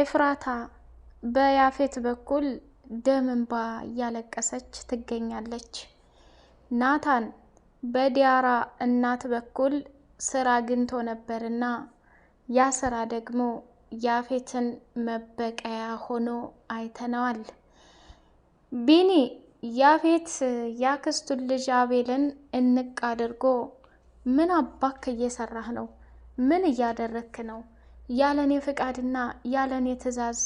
ኤፍራታ በያፌት በኩል ደም እንባ እያለቀሰች ትገኛለች። ናታን በዲያራ እናት በኩል ስራ አግኝቶ ነበርና ያ ስራ ደግሞ ያፌትን መበቀያ ሆኖ አይተነዋል። ቢኒ ያፌት ያክስቱን ልጅ አቤልን እንቅ አድርጎ ምን አባክ እየሰራህ ነው? ምን እያደረክ ነው? ያለኔ ፍቃድና ያለኔ ትእዛዝ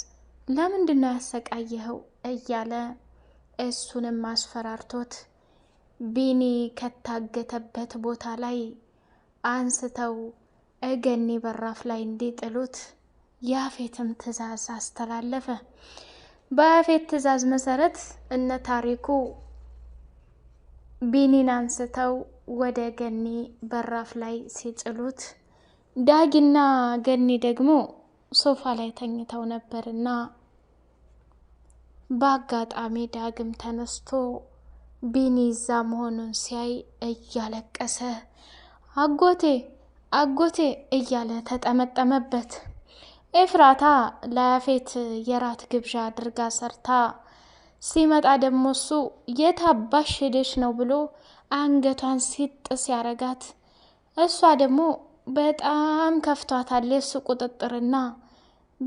ለምንድን ነው ያሰቃየኸው? እያለ እሱንም አስፈራርቶት ቢኒ ከታገተበት ቦታ ላይ አንስተው እገኒ በራፍ ላይ እንዲጥሉት ያፌትም ትዕዛዝ አስተላለፈ። በያፌት ትዕዛዝ መሰረት እነ ታሪኩ ቢኒን አንስተው ወደ ገኒ በራፍ ላይ ሲጥሉት ዳጊና ገኒ ደግሞ ሶፋ ላይ ተኝተው ነበርና በአጋጣሚ ዳግም ተነስቶ ቢኒ እዛ መሆኑን ሲያይ እያለቀሰ አጎቴ አጎቴ እያለ ተጠመጠመበት። ኤፍራታ ለያፌት የራት ግብዣ አድርጋ ሰርታ ሲመጣ ደግሞ እሱ የት አባሽ ሄደሽ ነው ብሎ አንገቷን ሲጥስ ያረጋት። እሷ ደግሞ በጣም ከፍቷታል የእሱ ቁጥጥርና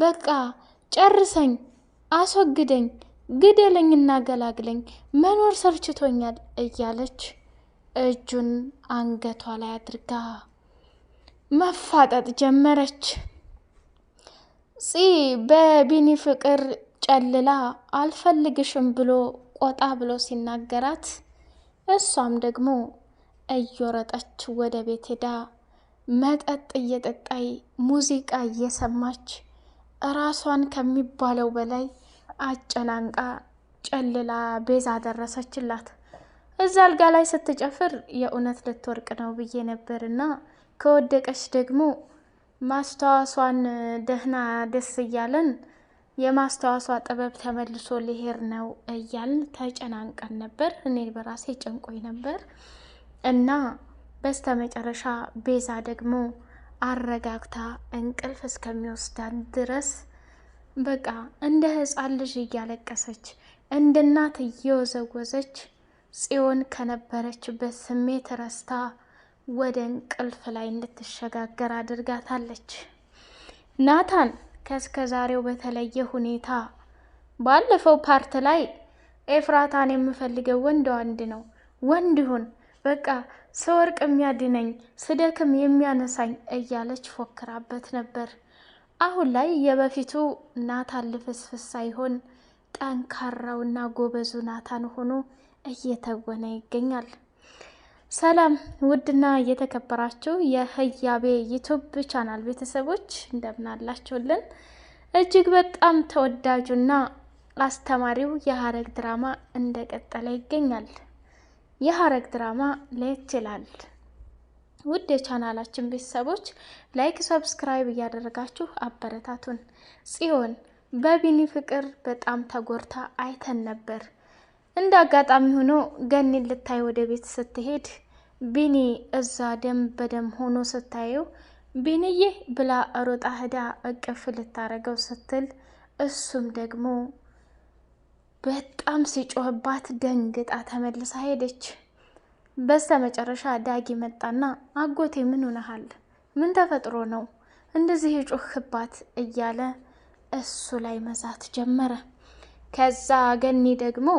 በቃ ጨርሰኝ፣ አስወግደኝ፣ ግደለኝ፣ ገላግለኝ፣ መኖር ሰልችቶኛል እያለች እጁን አንገቷ ላይ አድርጋ መፋጠጥ ጀመረች። ፂ በቢኒ ፍቅር ጨልላ አልፈልግሽም ብሎ ቆጣ ብሎ ሲናገራት እሷም ደግሞ እየወረጠች ወደ ቤት ሄዳ መጠጥ እየጠጣይ ሙዚቃ እየሰማች ራሷን ከሚባለው በላይ አጨናንቃ ጨልላ ቤዛ ደረሰችላት። እዛ አልጋ ላይ ስትጨፍር የእውነት ልትወርቅ ነው ብዬ ነበር እና ከወደቀች ደግሞ ማስታወሷን ደህና ደስ እያለን የማስታወሷ ጥበብ ተመልሶ ሊሄድ ነው እያልን ተጨናንቀን ነበር። እኔ በራሴ ጨንቆኝ ነበር እና በስተመጨረሻ ቤዛ ደግሞ አረጋግታ እንቅልፍ እስከሚወስዳን ድረስ በቃ እንደ ህፃን ልጅ እያለቀሰች እንደ እናት እየወዘወዘች ጽዮን ከነበረችበት ስሜት ረስታ ወደ እንቅልፍ ላይ እንድትሸጋገር አድርጋታለች። ናታን ከእስከ ዛሬው በተለየ ሁኔታ ባለፈው ፓርት ላይ ኤፍራታን የምፈልገው ወንድ አንድ ነው ወንድ ይሁን በቃ ስወርቅ የሚያድነኝ ስደክም የሚያነሳኝ እያለች ፎክራበት ነበር። አሁን ላይ የበፊቱ ናታን ልፍስፍስ ሳይሆን ጠንካራውና ጎበዙ ናታን ሆኖ እየተወነ ይገኛል። ሰላም ውድና እየተከበራችሁ የህያቤ ዩቱብ ቻናል ቤተሰቦች እንደምናላችሁልን እጅግ በጣም ተወዳጁና አስተማሪው የሀረግ ድራማ እንደቀጠለ ይገኛል። የሀረግ ድራማ ለየት ይላል። ውድ የቻናላችን ቤተሰቦች ላይክ፣ ሰብስክራይብ እያደረጋችሁ አበረታቱን። ጽዮን በቢኒ ፍቅር በጣም ተጎድታ አይተን ነበር። እንደ አጋጣሚ ሆኖ ገኒን ልታይ ወደ ቤት ስትሄድ ቢኒ እዛ ደም በደም ሆኖ ስታየው ቢኒዬ ብላ ሮጣ ህዳ እቅፍ ልታረገው ስትል እሱም ደግሞ በጣም ሲጮህባት ደንግጣ ተመልሳ ሄደች። በስተ መጨረሻ ዳጊ መጣና አጎቴ ምን ሆነሃል? ምን ተፈጥሮ ነው እንደዚህ የጮህባት? እያለ እሱ ላይ መዛት ጀመረ። ከዛ ገኒ ደግሞ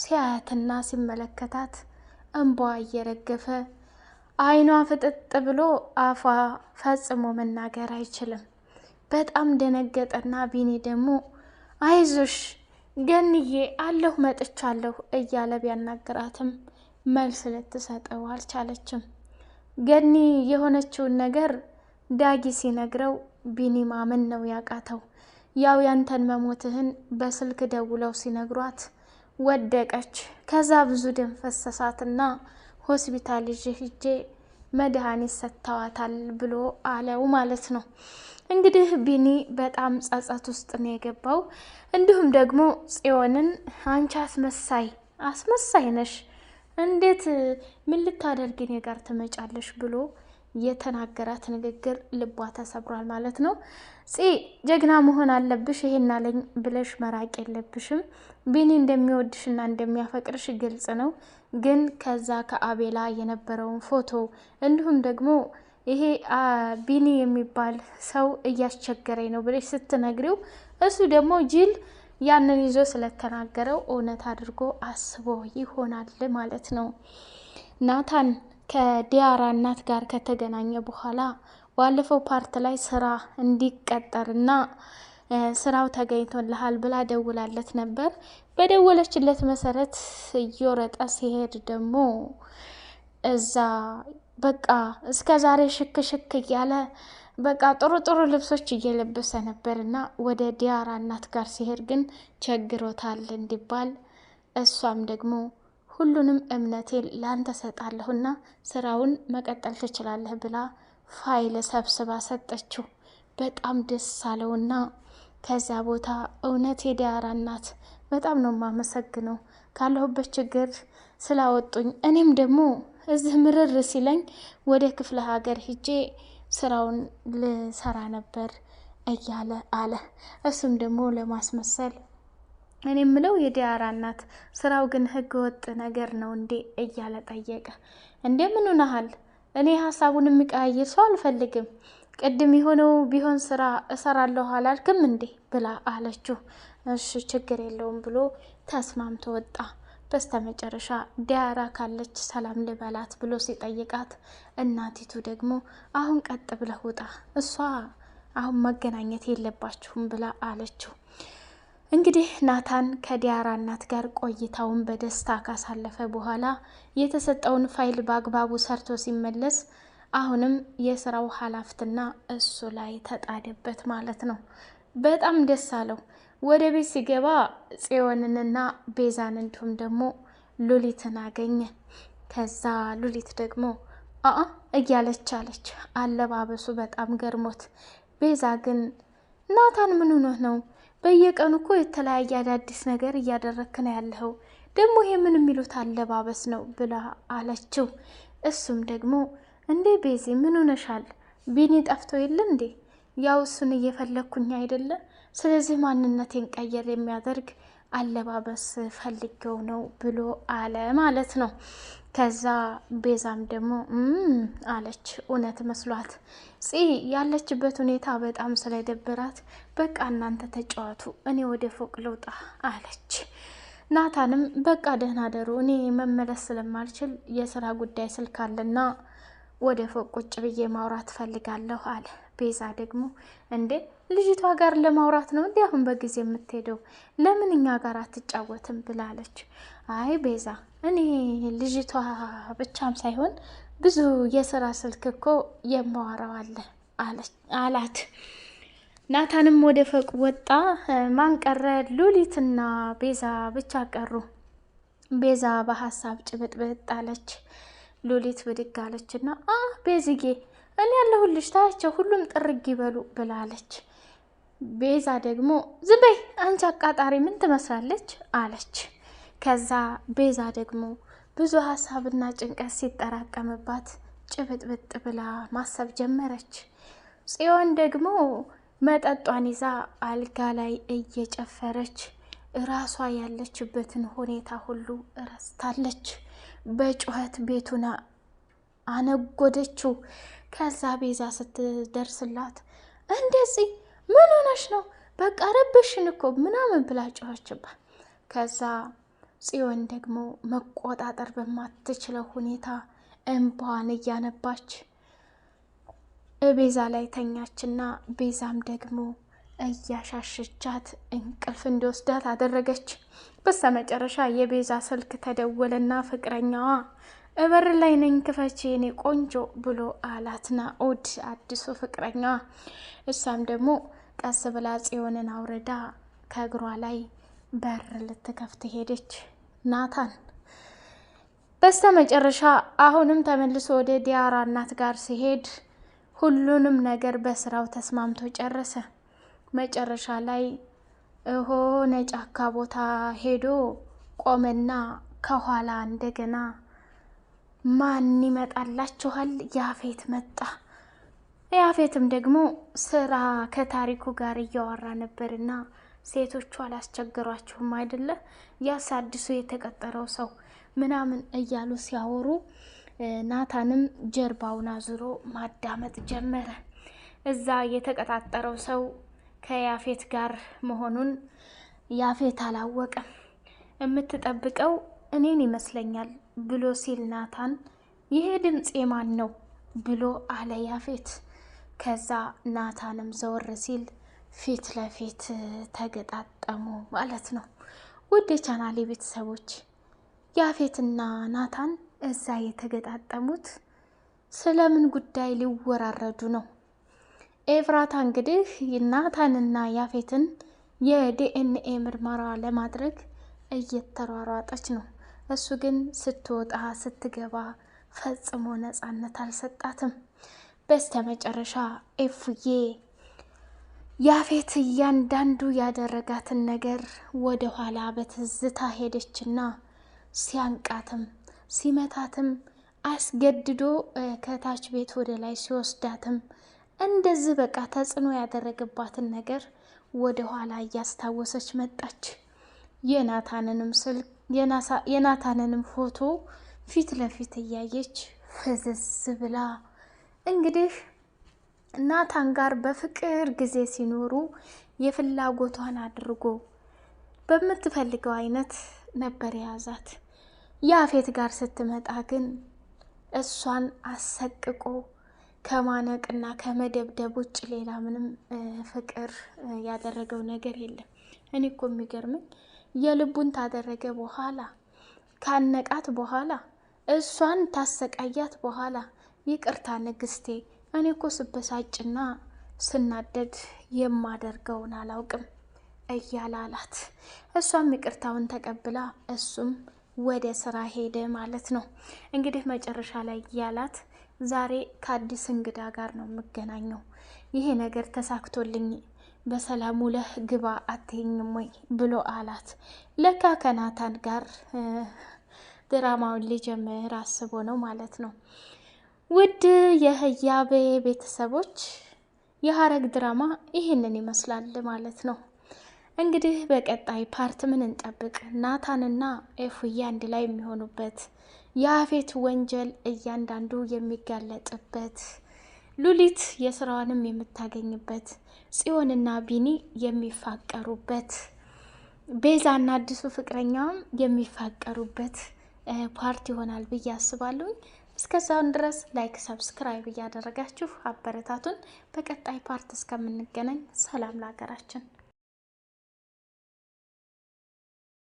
ሲያያትና ሲመለከታት እንባ እየረገፈ አይኗ ፍጥጥ ብሎ አፏ ፈጽሞ መናገር አይችልም። በጣም ደነገጠና ቢኒ ደግሞ አይዞሽ ገንዬ አለሁ መጥቻለሁ እያለ ቢያናግራትም መልስ ልትሰጠው አልቻለችም። ገኒ የሆነችውን ነገር ዳጊ ሲነግረው ቢኒ ምን ነው ያቃተው። ያው ያንተን መሞትህን በስልክ ደውለው ሲነግሯት ወደቀች። ከዛ ብዙ ደም ፈሰሳትና ሆስፒታል ይዤ ሂጄ መድኃኒት ሰጥተዋታል ብሎ አለው ማለት ነው። እንግዲህ ቢኒ በጣም ጸጸት ውስጥ ነው የገባው። እንዲሁም ደግሞ ጽዮንን አንቺ አስመሳይ አስመሳይ ነሽ፣ እንዴት ምን ልታደርግ እኔ ጋር ትመጫለሽ ብሎ የተናገራት ንግግር ልቧ ተሰብሯል ማለት ነው። ፂ ጀግና መሆን አለብሽ፣ ይሄን አለኝ ብለሽ መራቅ የለብሽም። ቢኒ እንደሚወድሽና እንደሚያፈቅርሽ ግልጽ ነው። ግን ከዛ ከአቤላ የነበረውን ፎቶ እንዲሁም ደግሞ ይሄ ቢኒ የሚባል ሰው እያስቸገረኝ ነው ብለሽ ስትነግሪው እሱ ደግሞ ጅል ያንን ይዞ ስለተናገረው እውነት አድርጎ አስቦ ይሆናል ማለት ነው። ናታን ከዲያራ እናት ጋር ከተገናኘ በኋላ ባለፈው ፓርት ላይ ስራ እንዲቀጠርና ስራው ተገኝቶልሃል ብላ ደውላለት ነበር። በደወለችለት መሰረት እየወረጠ ሲሄድ ደግሞ እዛ በቃ እስከ ዛሬ ሽክ ሽክ እያለ በቃ ጥሩ ጥሩ ልብሶች እየለበሰ ነበር እና ወደ ዲያራ እናት ጋር ሲሄድ ግን ቸግሮታል እንዲባል እሷም ደግሞ ሁሉንም እምነቴ ላንተ ሰጣለሁና ስራውን መቀጠል ትችላለህ ብላ ፋይል ሰብስባ ሰጠችው። በጣም ደስ አለውና ከዚያ ቦታ እውነት የዲያራ እናት በጣም ነው የማመሰግነው ካለሁበት ችግር ስላወጡኝ እኔም ደግሞ እዚህ ምርር ሲለኝ ወደ ክፍለ ሀገር ሂጄ ስራውን ልሰራ ነበር እያለ አለ። እሱም ደግሞ ለማስመሰል እኔ የምለው የዲያራ እናት ስራው ግን ህገ ወጥ ነገር ነው እንዴ እያለ ጠየቀ። እንዴ ምን ሆነሃል? እኔ ሀሳቡን የሚቀያየር ሰው አልፈልግም። ቅድም የሆነው ቢሆን ስራ እሰራለሁ አላልክም እንዴ ብላ አለችው። እሺ ችግር የለውም ብሎ ተስማምቶ ወጣ። በስተመጨረሻ ዲያራ ካለች ሰላም ልበላት ብሎ ሲጠይቃት እናቲቱ ደግሞ አሁን ቀጥ ብለህ ውጣ፣ እሷ አሁን መገናኘት የለባችሁም ብላ አለችው። እንግዲህ ናታን ከዲያራ እናት ጋር ቆይታውን በደስታ ካሳለፈ በኋላ የተሰጠውን ፋይል በአግባቡ ሰርቶ ሲመለስ አሁንም የስራው ሀላፍትና እሱ ላይ ተጣደበት ማለት ነው። በጣም ደስ አለው። ወደ ቤት ሲገባ ጽዮንንና ቤዛን እንዲሁም ደግሞ ሉሊትን አገኘ። ከዛ ሉሊት ደግሞ አአ እያለች አለች። አለባበሱ በጣም ገርሞት፣ ቤዛ ግን ናታን ምን ሆኖ ነው? በየቀኑ እኮ የተለያየ አዳዲስ ነገር እያደረክ ነው ያለኸው፣ ደግሞ ይሄ ምን የሚሉት አለባበስ ነው ብላ አለችው። እሱም ደግሞ እንዴ ቤዚ ምን ሆነሻል? ቢኒ ጠፍቶ የለ እንዴ? ያው እሱን እየፈለግኩኝ አይደለም ስለዚህ ማንነቴን ቀየር የሚያደርግ አለባበስ ፈልገው ነው ብሎ አለ ማለት ነው። ከዛ ቤዛም ደግሞ አለች እውነት መስሏት ፂ ያለችበት ሁኔታ በጣም ስለደበራት በቃ እናንተ ተጫዋቱ፣ እኔ ወደ ፎቅ ልውጣ አለች። ናታንም በቃ ደህና ደሩ፣ እኔ መመለስ ስለማልችል የስራ ጉዳይ ስልክ አለና ወደ ፎቅ ቁጭ ብዬ ማውራት ፈልጋለሁ አለ። ቤዛ ደግሞ እንዴ ልጅቷ ጋር ለማውራት ነው እንዲህ አሁን በጊዜ የምትሄደው ለምን እኛ ጋር አትጫወትም ብላለች። አይ ቤዛ፣ እኔ ልጅቷ ብቻም ሳይሆን ብዙ የስራ ስልክ እኮ የማወራው አለ አላት። ናታንም ወደ ፈቅ ወጣ። ማን ቀረ? ሉሊትና ቤዛ ብቻ ቀሩ። ቤዛ በሀሳብ ጭብጥብጥ አለች። ሉሊት ብድግ አለችና ቤዝጌ እኔ ያለሁልሽ ታያቸው ሁሉም ጥርግ ይበሉ ብላለች። ቤዛ ደግሞ ዝም በይ አንቺ አቃጣሪ ምን ትመስላለች አለች። ከዛ ቤዛ ደግሞ ብዙ ሀሳብና ጭንቀት ሲጠራቀምባት ጭብጥብጥ ብላ ማሰብ ጀመረች። ጽዮን ደግሞ መጠጧን ይዛ አልጋ ላይ እየጨፈረች ራሷ ያለችበትን ሁኔታ ሁሉ ረስታለች። በጩኸት ቤቱን አነጎደችው። ከዛ ቤዛ ስትደርስላት እንደዚህ ምን ሆነሽ ነው? በቃ ረብሽን እኮ ምናምን ብላ ከዛ ጽዮን ደግሞ መቆጣጠር በማትችለው ሁኔታ እንባዋን እያነባች ቤዛ ላይ ተኛችና ቤዛም ደግሞ እያሻሸቻት እንቅልፍ እንዲወስዳት አደረገች። በስተ መጨረሻ የቤዛ ስልክ ተደወለና ፍቅረኛዋ እበር ላይ ነኝ ክፈቼ ቆንጆ ብሎ አላት ናኦድ አዲሱ ፍቅረኛዋ። እሷም ደግሞ ቀስ ብላ ጽዮንን አውርዳ ከእግሯ ላይ በር ልትከፍት ሄደች። ናታን በስተ መጨረሻ አሁንም ተመልሶ ወደ ዲያራ እናት ጋር ሲሄድ ሁሉንም ነገር በስራው ተስማምቶ ጨረሰ። መጨረሻ ላይ እሆ ጫካ ቦታ ሄዶ ቆመና ከኋላ እንደገና ማን ይመጣላችኋል? ያፌት መጣ። ያፌትም ደግሞ ስራ ከታሪኩ ጋር እያወራ ነበርና ሴቶቹ አላስቸግሯችሁም አይደለ? ያስ አዲሱ የተቀጠረው ሰው ምናምን እያሉ ሲያወሩ ናታንም ጀርባውን አዙሮ ማዳመጥ ጀመረ። እዛ የተቀጣጠረው ሰው ከያፌት ጋር መሆኑን ያፌት አላወቀም። የምትጠብቀው እኔን ይመስለኛል ብሎ ሲል ናታን ይሄ ድምፅ የማን ነው ብሎ አለ ያፌት። ከዛ ናታንም ዘወር ሲል ፊት ለፊት ተገጣጠሙ ማለት ነው። ውድ የቻናሌ ቤተሰቦች ያፌትና ናታን እዛ የተገጣጠሙት ስለምን ጉዳይ ሊወራረዱ ነው? ኤፍራታ እንግዲህ ናታንና ያፌትን የዲኤንኤ ምርመራ ለማድረግ እየተሯሯጠች ነው። እሱ ግን ስትወጣ ስትገባ ፈጽሞ ነፃነት አልሰጣትም። በስተመጨረሻ ኤፉዬ ያፌት እያንዳንዱ ያደረጋትን ነገር ወደ ኋላ በትዝታ ሄደችና ሲያንቃትም ሲመታትም አስገድዶ ከታች ቤት ወደ ላይ ሲወስዳትም እንደዚህ በቃ ተጽዕኖ ያደረገባትን ነገር ወደ ኋላ እያስታወሰች መጣች። የናታንንም ስልክ የናታንንም ፎቶ ፊት ለፊት እያየች ፍዝዝ ብላ እንግዲህ ናታን ጋር በፍቅር ጊዜ ሲኖሩ የፍላጎቷን አድርጎ በምትፈልገው አይነት ነበር የያዛት። ያፌት ጋር ስትመጣ ግን እሷን አሰቅቆ ከማነቅና ከመደብደብ ውጭ ሌላ ምንም ፍቅር ያደረገው ነገር የለም። እኔ እኮ የሚገርመኝ የልቡን ታደረገ በኋላ ካነቃት በኋላ እሷን ታሰቃያት በኋላ ይቅርታ ንግስቴ፣ እኔ እኮ ስበሳጭና ስናደድ የማደርገውን አላውቅም እያለ አላት። እሷም ይቅርታውን ተቀብላ እሱም ወደ ስራ ሄደ ማለት ነው። እንግዲህ መጨረሻ ላይ እያላት ዛሬ ከአዲስ እንግዳ ጋር ነው የምገናኘው፣ ይሄ ነገር ተሳክቶልኝ በሰላም ውለህ ግባ አትይኝም ወይ ብሎ አላት። ለካ ከናታን ጋር ድራማውን ሊጀምር አስቦ ነው ማለት ነው። ውድ የህያቤ ቤተሰቦች የሀረግ ድራማ ይህንን ይመስላል ማለት ነው። እንግዲህ በቀጣይ ፓርት ምን እንጠብቅ? ናታንና ኤፉዬ አንድ ላይ የሚሆኑበት የአፌት ወንጀል እያንዳንዱ የሚጋለጥበት ሉሊት የስራዋንም የምታገኝበት ጽዮንና ቢኒ የሚፋቀሩበት ቤዛና አዲሱ ፍቅረኛም የሚፋቀሩበት ፓርት ይሆናል ብዬ አስባለሁኝ። እስከዛውን ድረስ ላይክ፣ ሰብስክራይብ እያደረጋችሁ አበረታቱን። በቀጣይ ፓርት እስከምንገናኝ ሰላም ለሀገራችን።